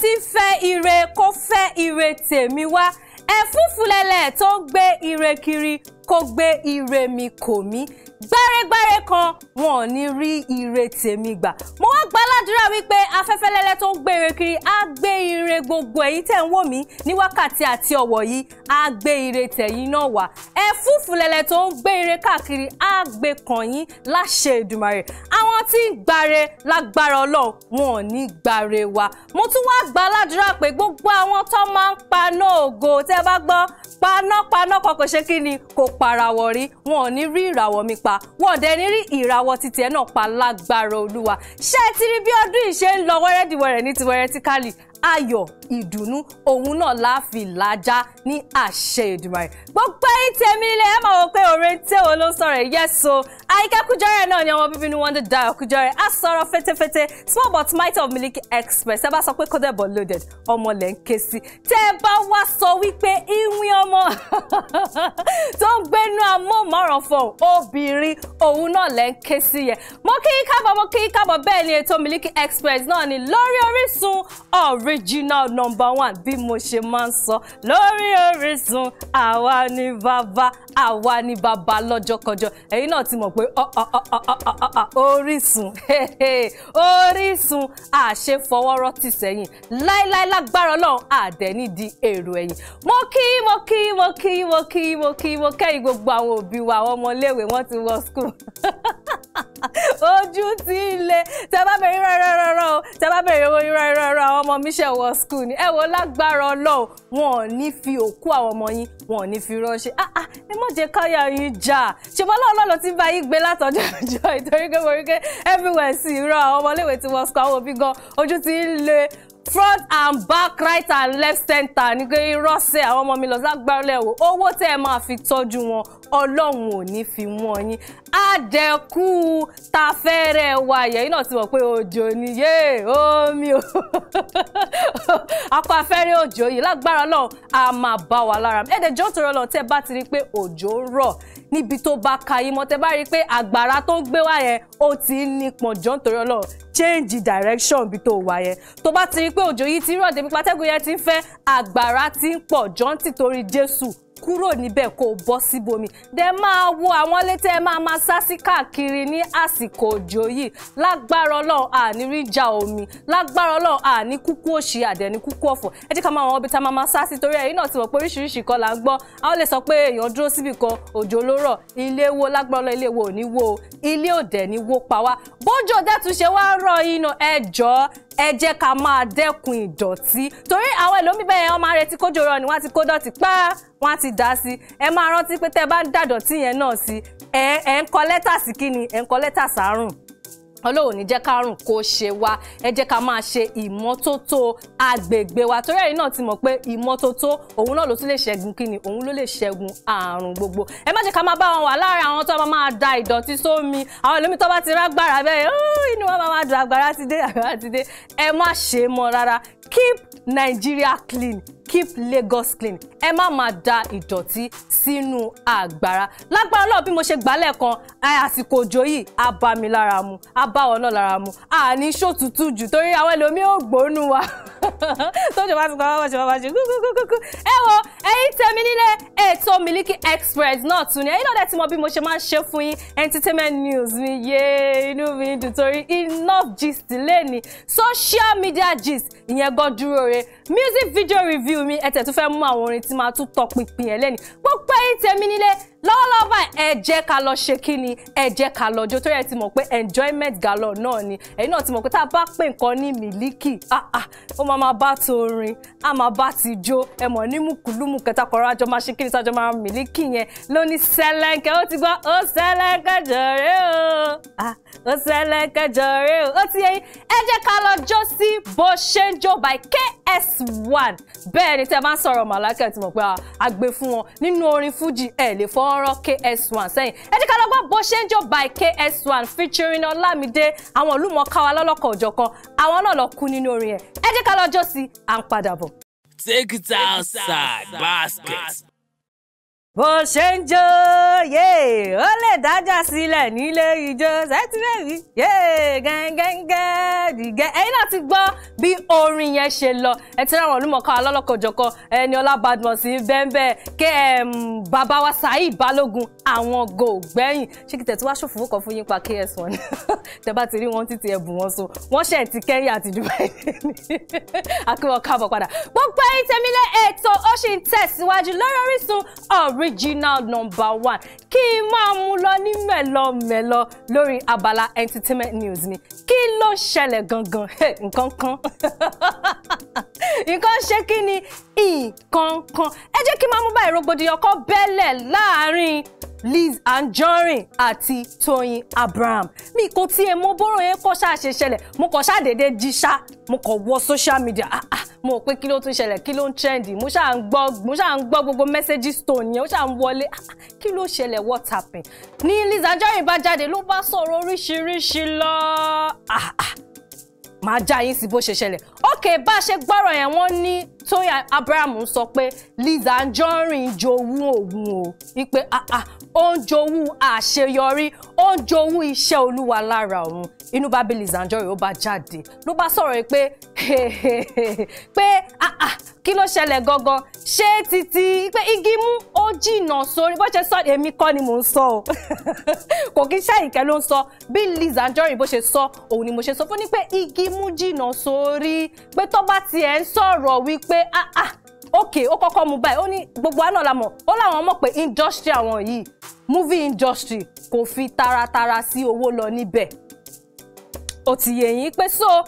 tí ń fẹ́ ire kó fẹ́ ire tèmi wá ẹ̀fúnfúnlẹ̀lẹ̀ tó ń gbé ire kiri kó gbé ire mi kò mí gbẹ́rẹ́gbẹ́rẹ́ kan wọn ò ní rí ire tèmi gbà mo wá gba aládùúrà wípé afẹ́fẹ́ lẹ́lẹ́ tó ń gbé ire kiri á gbé ire gbogbo ẹ̀yin tẹ̀ ń wò mí ní wákàtí àti ọ̀wọ̀ yìí á gbé ire tẹ̀yin náà wá ẹ lẹ́lẹ́ tó ń gbé ire káàkiri á gbé kàn yín láṣẹ Èdùmàrè àwọn tí ń gbare lágbára Ọlọ́run wọn ò ní gbare wa mo tún wá gba aládùúrà pé gbogbo àwọn tó máa ń paná ògo tẹ́ bá gbọ́ paná paná kan kò ṣe kí ni kò parawọ̀ rí wọn ò ní rí ìràwọ̀ mi pa pa wọn ò dẹ̀ ní rí ìràwọ̀ títí ẹ̀ náà pa lágbára olúwa ṣé ẹ ti rí bí ọdún ìṣe ń lọ wẹ́rẹ́dìwẹ̀rẹ̀ ní tiwẹ́rẹ́ tíkàlì ayọ̀ ìdùnnú òun náà láàfin làjà ní àṣẹ Èdùmàrè gbogbo ẹ̀yin tèmi nílé ẹ máa wọ pé òre tẹ wo ló ń sọ̀rọ̀ yẹ so Àyìnkẹ́ Kújọrẹ́ náà ni ọmọ bíbí ni wọ́n ń dá Kújọrẹ́ á fetefete small but might of Miliki Express ẹ bá sọ pé coded but loaded ọmọ lẹ́ ń ké sí tẹ́ ẹ bá wá sọ wípé ìwín ọmọ tó ń gbénu amóhùnmáwòrán fún obìnrin òun náà lẹ́ ń ké sí yẹn mo kí kábọ̀ mo kí kábọ̀ bẹ́ẹ̀ ni ètò Miliki Express náà ni lórí Orísun ọ̀rẹ́ original number one bí mo ṣe máa ń sọ lórí Orísun àwa ni bàbá àwa ni bàbá lọ́jọ́kọjọ́ ẹ̀yin náà ti mọ̀ pé Orísun Orísun àṣefọwọ́rọ́ tì sẹ́yìn láíláí lágbára Ọlọ́run àdẹ́ni di èrò ẹ̀yìn mo kí mo kí mo kí mo kí mo kí mo kẹ́yìn gbogbo àwọn òbí wa àwọn ọmọléèwé wọ́n ti wọ school. ojú ti le tẹ bá bẹ̀rẹ̀ rárá rárá o tẹ bá bẹ̀rẹ̀ owó rárá rárá ọmọ mi ṣe wọ skul ni ẹ wo lágbára Ọlọ́run wọn ò ní fi òkú àwọn ọmọ yín wọn ò ní fi ránṣẹ́ ah ah ẹ má jẹ́ káyà yín jà ṣùgbọ́n lọ́wọ́ lọ́lọ́ ti bá yín gbé látọjọ́ ọjọ́ ìtorí pé mo rí pé everywhere sì rọ àwọn ọmọléèwé tí wọ́n skul àwọn òbí gan ojú ti le front and back right and left center ní pé irọ́ sẹ́ àwọn ọmọ mi lọ lágbára lẹ́wọ̀ owó tẹ́ ẹ máa fi tọ́jú wọn ọlọ́run ò ní fi wọ́n yín àdẹ̀kù tafẹ́rẹ́ wa yẹ̀yìn náà ti mọ̀ pé òjò ni yé omi o akọ afẹ́rẹ́ òjò yìí lágbára ọlọ́run a máa bá wa lára ẹ̀dẹ̀ jọ́ tọrọ lọ tẹ́ bá ti rí i pé òjò ń rọ̀ níbi tó bá ka yín mọ́ tẹ́ bá rí i pé àgbàrá tó ń gbé wá yẹn ó ti ń nípọn jọ́ nítorí ọlọ́run change direction bí tó wà yẹn tó bá ti rí i pé òjò yìí ti rọ̀ débi patẹ́gùn yẹn ti ń fẹ́ àgbàrá ti ń pọ̀ jọ́ nítorí Jésù kúrò níbẹ̀ kó o bọ́ síbomi dẹ máa wo àwọn ilé tẹ́ ẹ máa máa sá sí káàkiri ní àsìkò òjò yìí lágbára ọlọ́run àní ríjà omi lágbára ọlọ́run àní kúkú òṣì àdẹ̀ní kúkú ọ̀fọ̀ ẹ jẹ́ ká máa wọn ibi tá a máa máa sá sí torí ẹ̀yin náà ti mọ̀ pé oríṣiríṣi kan là ń gbọ́ a lè sọ pé èèyàn dúró síbì kan òjò ló rọ̀ ilé wo lágbára ọlọ́run ilé wo ò ní wo ilé òdẹ̀ ní wo pa wá bójú òdẹ́tù ṣe wá rọ iná ẹ jọ̀ọ́ ẹ jẹ́ ká máa dẹ́kun ìdọ̀tí torí àwọn ẹlòmíì bẹ́ẹ̀ wọ́n máa ti kójó rọ ni wọ́n ti kó dọ̀tí pẹ́ wọ́n ti dá sí ẹ máa rántí pé tẹ́ bá ń dàdọ̀tí yẹn náà sí ẹ ẹ ń kọ lẹ́tà sí kíni ẹ ń kọ lẹ́tà sárùn ọlọ́run ní jẹ́ ká rùn kó ṣe wá ẹ jẹ́ ká máa ṣe ìmọ́tótó agbègbè wa torí ẹ̀yin náà ti mọ̀ pé ìmọ́tótó òun náà ló tún lè ṣẹ́gun kíni òun ló lè ṣẹ́gun àrùn gbogbo ẹ má jẹ́ ká máa bá wọn wà láàrin àwọn tó máa da ìdọ̀tí sómi àwọn ẹlòmí tó bá ti rágbára bẹ́ẹ̀ inú wọn máa da àgbàrá ti dé àgbàrá ti dé ẹ má ṣe mọ́ rárá keep Nigeria clean keep Lagos clean ẹ má máa da ìdọ̀tí sínú àgbàrá lágbára náà bí mo ṣe gbà lẹ́ẹ̀kan àsìkò òjò yìí á bá mi lára mu á bá ọ náà lára mu àní ṣòtútù jù torí àwọn ẹlòmíì ò gbónú wa. tó jọba ti kọ́ wọ́n ṣe wọ́n ṣe kúkúkúkú. ẹ wo ẹ̀yin tèmi nílé ètò Miliki Express náà tún ni ẹ̀yin náà dẹ̀ ti mọ bí mo ṣe máa ń ṣe fún entertainment news mi yé inú mi dùn torí enough gist lẹ́ni social media gist ìyẹn gan dúró re music video review mi ẹ̀ tẹ̀ tún fẹ́ mú àwọn orin tí máa tún tọpinpin ẹ̀ lẹ́ni gbogbo ẹ̀yin tèmi nílé lọ́wọ́lọ́wọ́ báyìí ẹ jẹ́ ká lọ ṣe kí ni ẹ jẹ́ ká lọ jó torí ẹ ti mọ̀ pé enjoyment galore náà ni ẹ̀yin náà ti mọ̀ pé tá a bá pè nǹkan ní mílíkì ah, ah, ó máa máa bá torin á máa bá ti jó ẹ mọ̀ ní mùkúlùmù kẹta kọ̀ọ̀rọ̀ àjọ máa ṣe kí ni sájọ máa mílíkì yẹn ló ní sẹ́lẹ̀ǹkẹ́ ó ti gbọ́ ó sẹ́lẹ̀ǹkẹ́ jọ̀rẹ́ o ah, ó sẹ́lẹ̀ǹkẹ́ jọ̀rẹ́ o ó ti yẹn ẹ jẹ́ ká lọ jó sí bó ṣe ń jó by KS1 bẹ́ẹ̀ ni tẹ́ bá ń sọ̀rọ̀ màlákẹ́ ti mọ̀ pé àgbẹ̀ fún wọn nínú orin fújì ẹ̀ lè fọ́ ọ̀rọ̀ KS1 sẹ́yìn ẹ jẹ́ bó ṣe ń jó by KS1 featuring Ọlámídé àwọn olùmọ̀ọ́ká wa lọ́lọ́kọ̀ òjọ̀kan àwọn náà lọ kú nínú orin ẹ̀ ẹ jẹ́ sí à ń padà bọ̀. Take it outside, basket bó ṣe ń jó yé ó lè dájà sílẹ̀ nílé ijó sẹ́tìmẹ́rì yé gẹ́gẹ́gẹ́ dìgẹ́ ẹ̀yin náà ti gbọ́ bí orin yẹn ṣe lọ ẹ ti ráwọn olúmọ̀ọ́ká alọ́lọ́kọ̀jọ̀kọ ẹni ọlá badmus bẹ́ẹ̀nbẹ́ kẹ́ bàbá wa Saheed Balógun àwọn gògbẹ́yìn ṣé kí tẹ̀tí wá ṣòfò kọ fún yín pa ks1 tẹ bá ti rí wọn títí ẹbùn wọn so wọn ṣe ti Kẹ́ńyà àti Dubai akíwọ̀n káàbọ̀ padà gbogbo ẹ̀yin tẹ̀mílẹ̀ ètò ó ṣì ń tẹ̀síwájú lórí ọ̀r original number one kí n máa mú lọ ní mẹ́lọmẹ́lọ lórí abala entertainment news ni. kí ló ṣẹlẹ̀ gangan nǹkan kan nǹkan ṣe kí ni nǹkan kan ẹ jẹ́ kí n máa mú báyìí rògbòdìyàn kan bẹ́lẹ̀ láàárín Liz Anjorin àti Tóyìn Abraham mi kò tiẹ̀ mọ bọ́rọ̀ yẹn kọ́ ṣáà ṣe ṣẹlẹ̀ mo kọ́ ṣáà dédé jí ṣá mo kọ́ wọ social media ah ah mo pé kí ló tún ṣẹlẹ̀ kí ló ń trendy mo ṣáà ń gbọ́ mo ṣáà ń gbọ́ gbogbo messages tó yẹn ó ṣáà ń wọlé ah, ah, kí ló ṣẹlẹ̀ what happened ní Liz Anjorin bá jáde ló bá sọ̀rọ̀ oríṣiríṣi lọ ah ah màá já yín sí bó ṣe ṣẹlẹ̀ ok bá a ṣe gbọ́rọ̀ yẹn wọ́n ní Tóyìn Abraham sọ pé Lizzy Anjorin jowú òun o wípé ah, ah, ó ń jowú àṣeyọrí ó ń jowú iṣẹ́ olúwa lára òun inú bá bí Lizzy Anjorin ó bá jáde ló bá sọ̀rọ̀ pé pé ah, kí ló ṣẹlẹ̀ gangan ṣé titi, pé igi mú ó jìnnà sórí bó ṣe sọ èmi kọ́ ni mò ń sọ o kò kí ṣàyìnkẹ́ ló ń sọ bí Liz Anjorin bó ṣe sọ òun ni mo ṣe sọ fún ni pé igi mú jìnnà sórí pé tó bá tiẹ̀ ń sọ̀rọ̀ wípé ah ah okay ó kọ́kọ́ mú báyìí ó ní gbogbo àná la mọ̀ ó láwọn mọ̀ pé industry àwọn yìí movie industry kò fi taratara sí owó lọ níbẹ̀ ó ti yẹ pé so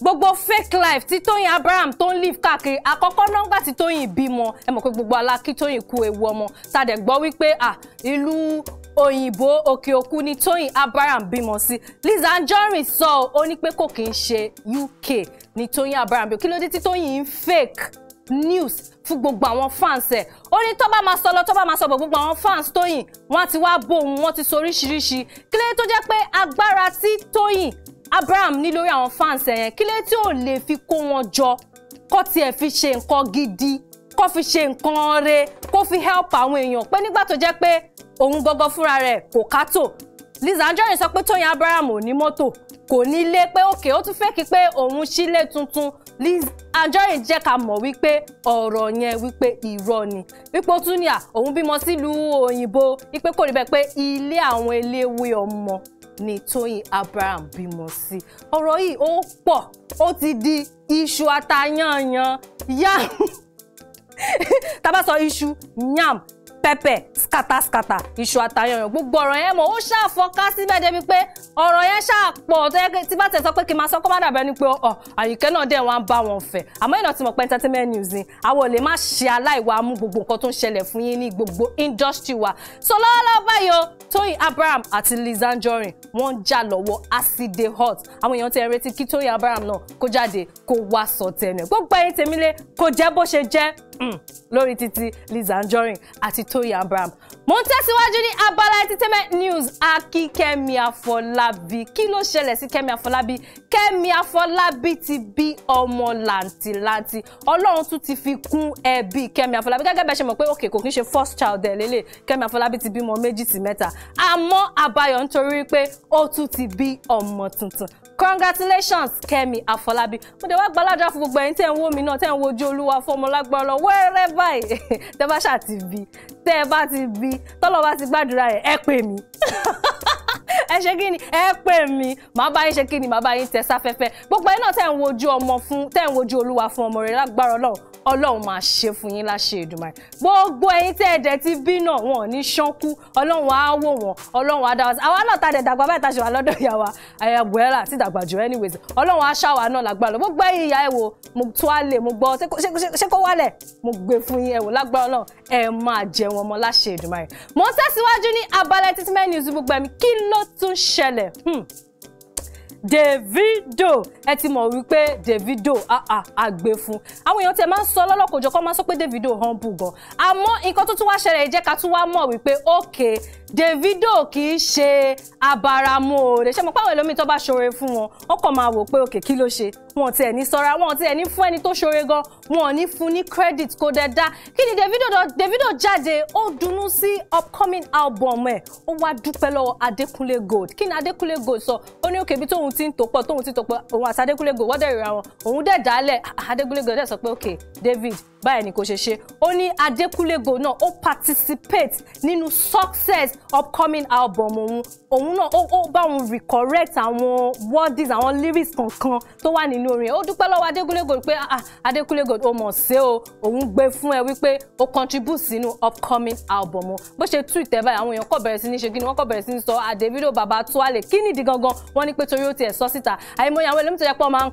gbogbo fake life tí Tóyìn Abraham tó ń live káàkiri àkọ́kọ́ nọ́ngbà tí Tóyìn bímọ ẹ mọ̀ pé gbogbo alákí Tóyìn kú ewu ọmọ tàdẹ̀ gbọ́ wípé à ìlú òyìnbó òkè òkun ni Tóyìn Abraham bímọ sí Lizzy Anjorin sọ ọ ó ní pé kò kí ń ṣe UK ni Tóyìn Abraham bí kí ló dé tí Tóyìn ń fake news fún gbogbo àwọn fans ẹ ó ní tó bá máa sọ lọ tó bá máa sọ bọ̀ gbogbo àwọn fans Tóyìn wọ́n ti wá bò òun wọ́n ti sọ oríṣiríṣi kí ló tó jẹ́ pé agbára tí Tóyìn Abraham ní lórí àwọn fans ẹ̀yẹn kí lé tí ò lè fi kó wọn jọ kó tiẹ̀ fi ṣe nǹkan gidi kó fi ṣe nǹkan re kó fi help àwọn èèyàn pé nígbà tó jẹ́ pé òun gọ́gọ́ fúnra rẹ̀ kò kátó Liz Anjorin sọ pé Tóyìn Abraham ò ní mọ́tò kò ní lé pé òkè ó tún fẹ́kì pé òun sílé tuntun Liz Anjorin jẹ́ ká mọ̀ wípé ọ̀rọ̀ yẹn wípé irọ́ ni wípé ó tún ní à òun bímọ sílùú òyìnbó wípé kò rí bẹ́ẹ̀ pé ilé àwọn eléwé ọmọ ni Tóyìn Abraham bímọ sí ọ̀rọ̀ yìí ó pọ̀ ó ti di iṣu atayanyan yam tá a bá iṣu yam pẹ́pẹ́ skata iṣu àtàyànyàn gbogbo ọ̀rọ̀ yẹn mọ̀ ó ṣàfọká síbẹ̀ débi pé ọ̀rọ̀ yẹn ṣàpọ̀ tí bá tẹ̀ sọ pé kí n máa sọ kó má dàbẹ́ ni pé ọ̀ àyíkẹ́ náà dẹ̀ wọ́n á bá wọn fẹ̀ àmọ́ ìnà tí mo pẹ́ entertainment news ni àwọn ò lè má ṣe aláìwá mú gbogbo nǹkan tó ń ṣẹlẹ̀ fún yín ní gbogbo industry wa so lọ́wọ́lọ́wọ́ báyìí o Tóyìn Abraham àti Liz Anjorin wọ́n ń jà lọ́wọ́ acide hot àwọn èèyàn ti ń retí kí Tóyìn Abraham náà kó jáde kó wá sọ tẹnu ẹ̀ gbogbo ẹ̀yin tèmi lé kò jẹ́ bó ṣe jẹ́ Mm. lórí títí Lizzy Anjorin àti Toyin Abraham mo ń tẹ̀síwájú ní abala entertainment news akí Kẹ́mi Àfọlábí kí ló ṣẹlẹ̀ sí Kẹ́mi Àfọlábí Kẹ́mi Àfọlábí ti bí ọmọ làǹtìlanti ọlọ́run tún ti fi kún ẹbí Kẹ́mi Àfọlábí gẹ́gẹ́ bẹ́ẹ̀ ṣe mọ̀ pé òkè kò kí ń ṣe first child ẹ̀ lélẹ̀ Kẹ́mi Àfọlábí ti bímọ méjì sí mẹ́ta àmọ́ àbáyọ nítorí pé ó tún ti bí ọmọ tuntun congratulations Kẹ́mi Àfọlábí mo dé wá gbaládùá fún gbogbo ẹ̀yin tẹ́ ń wò mí náà tẹ́ ń wojú olúwa fọmọlágbọ́n lọ wẹ́rẹ́ báyìí tẹ́ bá ṣáà ti bí tẹ́ bá ti bí mi tọ́lọ́ bá ti gbàdúrà rẹ̀ ẹ pè mí ẹ ṣe kí ni ẹ pè mí màá bá yín ṣe kí ni màá bá yín tẹ sáfẹ́fẹ́ gbogbo ẹ náà tẹ̀ ń wojú ọmọ fún tẹ̀ ń wojú olúwa fún ọmọ rẹ̀ lágbára ọlọ́run ọlọ́run máa ṣe fún yín láṣẹ Èdùmàrè gbogbo ẹ̀yin tẹ́ ẹ̀dẹ̀ ti bí náà wọn ò ní ṣánkú ọlọ́run á wò wọ́n ọlọ́run á dá wọn àwa náà ta dẹ̀ dàgbà báyìí ta ṣe wà lọ́dọ̀ ìyá wa ẹ̀yà bùhẹ́rà ti dàgbà jù anyways ọlọ́run á ṣàwà náà lágbára lọ gbogbo ẹ̀yin ìyá ẹ̀ wò mo tó á lè mo gbọ́ ṣé kó wálẹ̀ mo gbé fún yín ẹ̀ wò lágbára náà ẹ máa jẹ wọn mọ Davido ẹ ti mọ̀ wípé Davido àgbẹ̀ ah, ah, fún àwọn èèyàn tẹ máa ń sọ lọ́lọ́kọ̀ọ́jọ́ kọ́ máa ń sọ pé Davido humble gan àmọ́ nǹkan tó tún wá ṣẹlẹ̀ jẹ́ ká tún wá mọ̀ wípé ókè okay, Davido kì í ṣe abaramoore ṣé mo pàwọ̀ ẹlòmíì tó bá ṣoore fún wọn wọn kàn máa wò pé òkè kí ló ṣe wọn tiẹ̀ ní sọ́ra wọn tiẹ̀ ní fún ẹni tó ṣoore gan wọn ò ní fún ní credit kó dẹ̀ dá kí ni Davido Davido jáde ó dunnú sí upcoming album ẹ̀ ó wá dúpẹ́ lọ́wọ́ Adékúnlé Gold kí ni Adékúnlé Gold sọ ó ní òkè bí tóun ti ń tò pọ̀ tóun ti tò pọ̀ òun àti Adékúnlé Gold wọ́n dẹ̀ ríra wọn òun dẹ̀ dálẹ̀ ah, Adékúnlé Gold dẹ̀ sọ pé òkè David báyìí ni kò ṣe ṣe ó ní Adékúnlé Gold náà ó participate nínú success upcoming album òun òun náà ó bá òun recorrect àwọn wordies àwọn lyrics kankan tó wà nínú orin ó dúpẹ́ lọ́wọ́ Adékúnlé Gold pé ah, Adékúnlé Gold ó mọ̀ ṣe o òun gbé fún ẹ wípé ó contribute sínú upcoming album o bó ṣe tweet ẹ báyìí àwọn èèyàn kò bẹ̀rẹ̀ sí ní ṣe kí ni wọ́n kò bẹ̀rẹ̀ sí ní sọ àdèvido ah, bàbá tuwalẹ̀ kí nìdí gangan wọ́n ní pé torí ó tiẹ̀ sọ síta àìmọye àwọn ẹlẹ́mìtì ẹ̀pọ̀ máa ń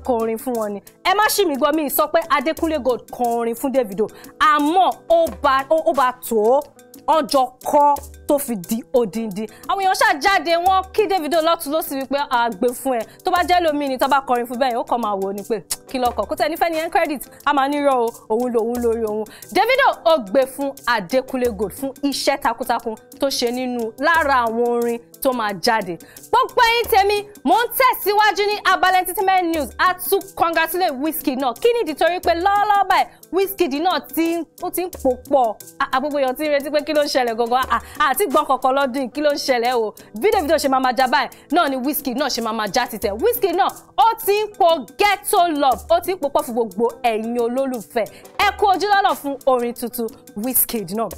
kọ tó fi di odindi àwọn èèyàn ṣàjáde wọn kí Davido lọ́tún ló sì wípé àgbè fún ẹ tó bá jẹ́ lómi ni tó bá kọrin fún bẹ́ẹ̀ ó kàn máa wò ó ni pé kí lọkọ̀ kó tẹ́ni fẹ́ni credit a máa nírọ̀ o òun lòun lórí òun Davido ó gbé fún Adékúnlé Gold fún iṣẹ́ takuntakun tó ṣe nínú lára àwọn orin tó máa jáde gbogbo ẹ̀yin tèmi mò ń tẹ̀síwájú ní abala entertainment news a tún congratulate Wizkid náà kí nìdí torí pé lọ́wọ́lọ́wọ́ báyìí Wizkid náà ti ń pò pọ̀ àgbègbè èèyàn ti ń retí pé kí ló ń ṣẹlẹ̀ gangan àti sí gbọ́ kọ̀ọ̀kan lọ́dún kí ló ń ṣẹlẹ̀ o bí Davido ṣe máa ma já báyìí náà ni Wizkid náà ṣe máa ma já títẹ̀ Wizkid náà ó ti ń po ghetto love ó ti ń po pọ́fù gbogbo ẹ̀yin olólùfẹ́ ẹ kú ojúlọ́lọ̀ fún orin tuntun Wizkid náà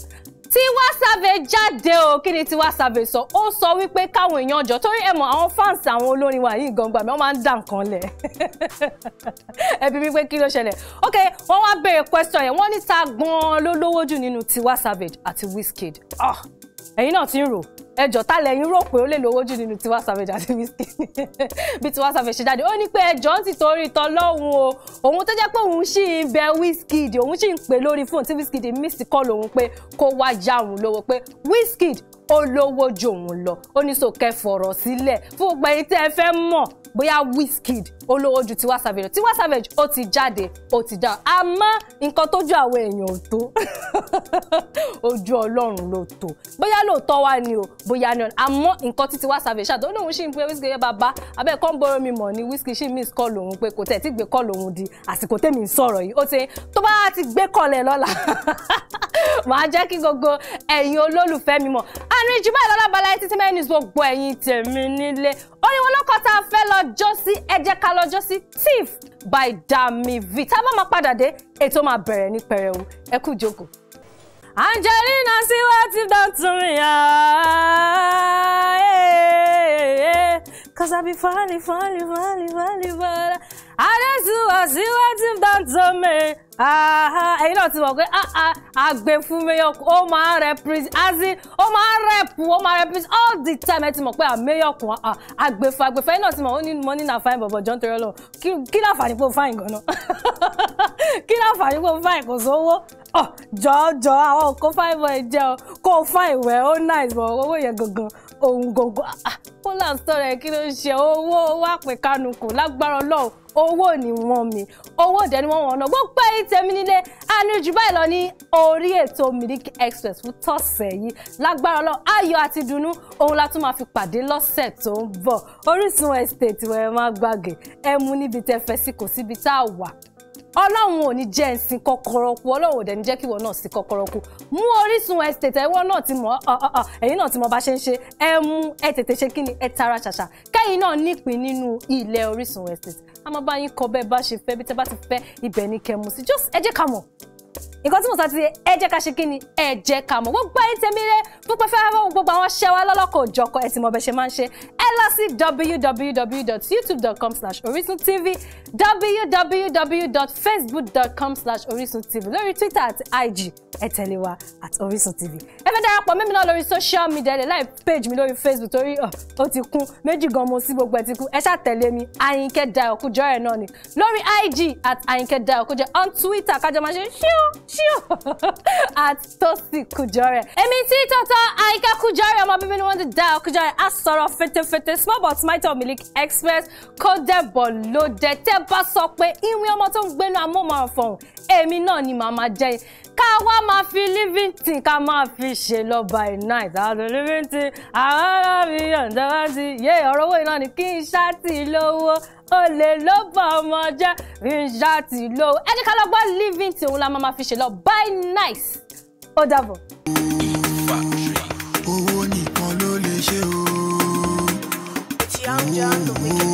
Tiwa Savage jáde o kí ni Tiwa Savage sọ ó sọ wípé káwọn èèyàn jọ torí ẹ mọ àwọn fans àwọn olórin wa yìí gangan mi wọn máa ń dà nǹkan lẹ ẹbí mi pé kí ló ṣẹlẹ̀ ok wọn wá béèrè question yẹn wọn ní ta gan-an ló lówó jù nínú Tiwa Savage àti Wizkid. Oh ẹ̀yin náà ti ń rò ẹjọ́ ta lẹ́yìn rò pé ó lè lówó jù nínú Tiwa Savage àti Wizkid bí Tiwa Savage ṣe jáde ó ní pé ẹjọ́ ń ti torí tọlọ́hun o òun tó jẹ́ pé òun ṣì ń bẹ Wizkid òun ṣì ń pè lórí fóònù tí Wizkid miss call òun pé kó wá yá òun lówó pé Wizkid ó lówó jù òun lọ ó ní so kẹ́ fọ̀rọ̀ sílẹ̀ fún gbogbo ẹ̀yin tẹ́ ẹ fẹ́ mọ̀ bóyá Wizkid olówó ju Tiwa Savage Tiwa Savage ó ti jáde ó ti dá àmọ́ nǹkan tójú àwọn èèyàn ò tó ojú ọlọ́run ló tó bóyá lóòótọ́ wá ni o bóyá ni ọ̀nà nǹkan tí Tiwa Savage ṣàtọ́ lóun ṣì ń pé wíṣkì yẹn bàbá abẹ́ kọ́ ń bọ́rọ̀ mi mọ̀ ni wíṣkì ṣì miss call òun pé kò tẹ̀ tí gbé call òun di àsìkò tèmi ń sọ̀rọ̀ yìí ó ti tó bá ti gbé call ẹ̀ lọ́la màá jẹ́ kí gbogbo ẹ̀yin olólùfẹ́ mi mọ̀ àrùn ìjùmọ̀ ìlọ́lábalẹ̀ títí mẹ́rin ní gbogbo ẹ̀yin tèmi nílé orin wọn lọ́kọ̀ tá a fẹ́ lọ jọ́sí ẹ jẹ́ ká lọ́jọ́ sí Thief by Dami V tá a bá máa padà dé ètò máa bẹ̀rẹ̀ ní pẹrẹwu ẹ kú jókòó. Angelina sí láti dọ̀tún mi yá. Cause I be funny, funny, funny, funny, funny. Adesuwa sí láti mi. Ah, ah, ẹ̀yin náà ti mọ̀ pé àgbẹ̀ ah, fún mayor ó máa represent as in ó máa rep ó máa represent all the time ẹ ti mọ̀ pé mayor kùn àgbẹ̀ fún àgbẹ̀ fún ẹ̀yin náà ti mọ̀ ó ní money na fine bọ̀bọ̀ John Toriola kí láǹfààní pé ó fine gan-an kí láǹfààní pé ó fine kò sówó oh, jọ̀ọ́jọ́ àwọn kò fine boy jẹ́ ọ kò fine wẹ̀ ó nice bọ̀ owó yẹn gangan òun gangan polar story kí ló ń ṣe owó wàpẹ̀ kánú kò lágbára Ọlọ́run owó ni wọ́n mi owó dẹ̀ ni wọ́n wọ̀n náà gbogbo ẹ̀yin tèmi nílé àníjù báyìí lọ ní orí ètò Miliki Express fún tọ̀sẹ̀ yìí lágbára lọ ayọ̀ àti dùnnú òun la tún máa fi pàdé lọ́sẹ̀ tó ń bọ̀ Orísun estate wẹ̀ má gbàgbé ẹ mú níbi tẹ́ fẹ́ sí kò síbi tá a wà ọlọ́run ò ní jẹ́ ẹ̀sìn kọ́kọ́rọ́ kú ọlọ́run ò dẹ̀ ní jẹ́ kíwọ náà sí kọ́kọ́rọ́ kú mú Orísun estate ẹ̀wọ́ náà ti mọ̀ ẹ̀yin náà ti mọ̀ bá ṣe ń ṣe ẹ mú ẹ tètè ṣe kí ni ẹ tara ṣàṣà kẹ́yìn náà nípìn nínú ilẹ̀ Orísun estate a máa bá yín kọ bẹ́ẹ̀ bá ṣe fẹ́ bí tẹ́ bá ti fẹ́ ibẹ̀ ni kẹ́ mú sí just ẹ jẹ́ ká mọ̀ nǹkan tí mo sá ti ṣe ẹ jẹ́ ká ṣe kí ni ẹ jẹ́ ká mọ̀ gbogbo ayé tẹ̀mí rẹ gbogbo fẹ́ràn gbogbo àwọn aṣẹ́wá lọ́lọ́kọ̀ òjọ̀kọ̀ ẹ̀sìn mọ̀bẹ̀ṣẹ̀ máa ń ṣe ẹ lọ sí www.youtube.com/orisuntv www.facebook.com/orisuntv lórí twitter àti ig ẹ tẹ̀lé wa at orisuntv ẹ fẹ́ darapọ̀ mẹ́mi náà lórí social media ẹ̀ láì page mi lórí facebook torí ó ti kún méjì gan mo sí gbogbo ẹ̀ ti kún ẹ ṣáà tẹ̀lé mi àyìnkẹ́ da ọ̀kújọ́ ẹ̀ náà ni lórí ig at àyìnkẹ́ da ọ̀kújọ́ on twitter kájọ máa ṣe ṣíò ṣíò at tosi kujore èmi tí tọ́tọ́ àyìnkẹ́ kujore ọmọ bíbí ni wọ́n ti da ọ̀kújọ́ ẹ̀ á sọ̀rọ̀ fẹ́tẹ́fẹ́ fètè smallbut mito milk express kódẹ̀bọ̀ ló jẹ tẹ́ bá sọ pé ìwé ọmọ tó ń gbénu amóhùnmáwòrán fọ̀hún èmi náà ni màmá jẹ́ ká wá máa fi living tin ká máa fi ṣe lọ by night àwọn living tin àwọn ọlọ́run yọ̀ǹda wá sí yé ọ̀rọ̀ owó iná ni kí n ṣáà tì lówó olè ló bá ọmọ jẹ́ ìjà tí ló ẹni ká lọ gbọ́ living tí òun la máa fi ṣe lọ by nice ó dàbọ̀. John the Wicked.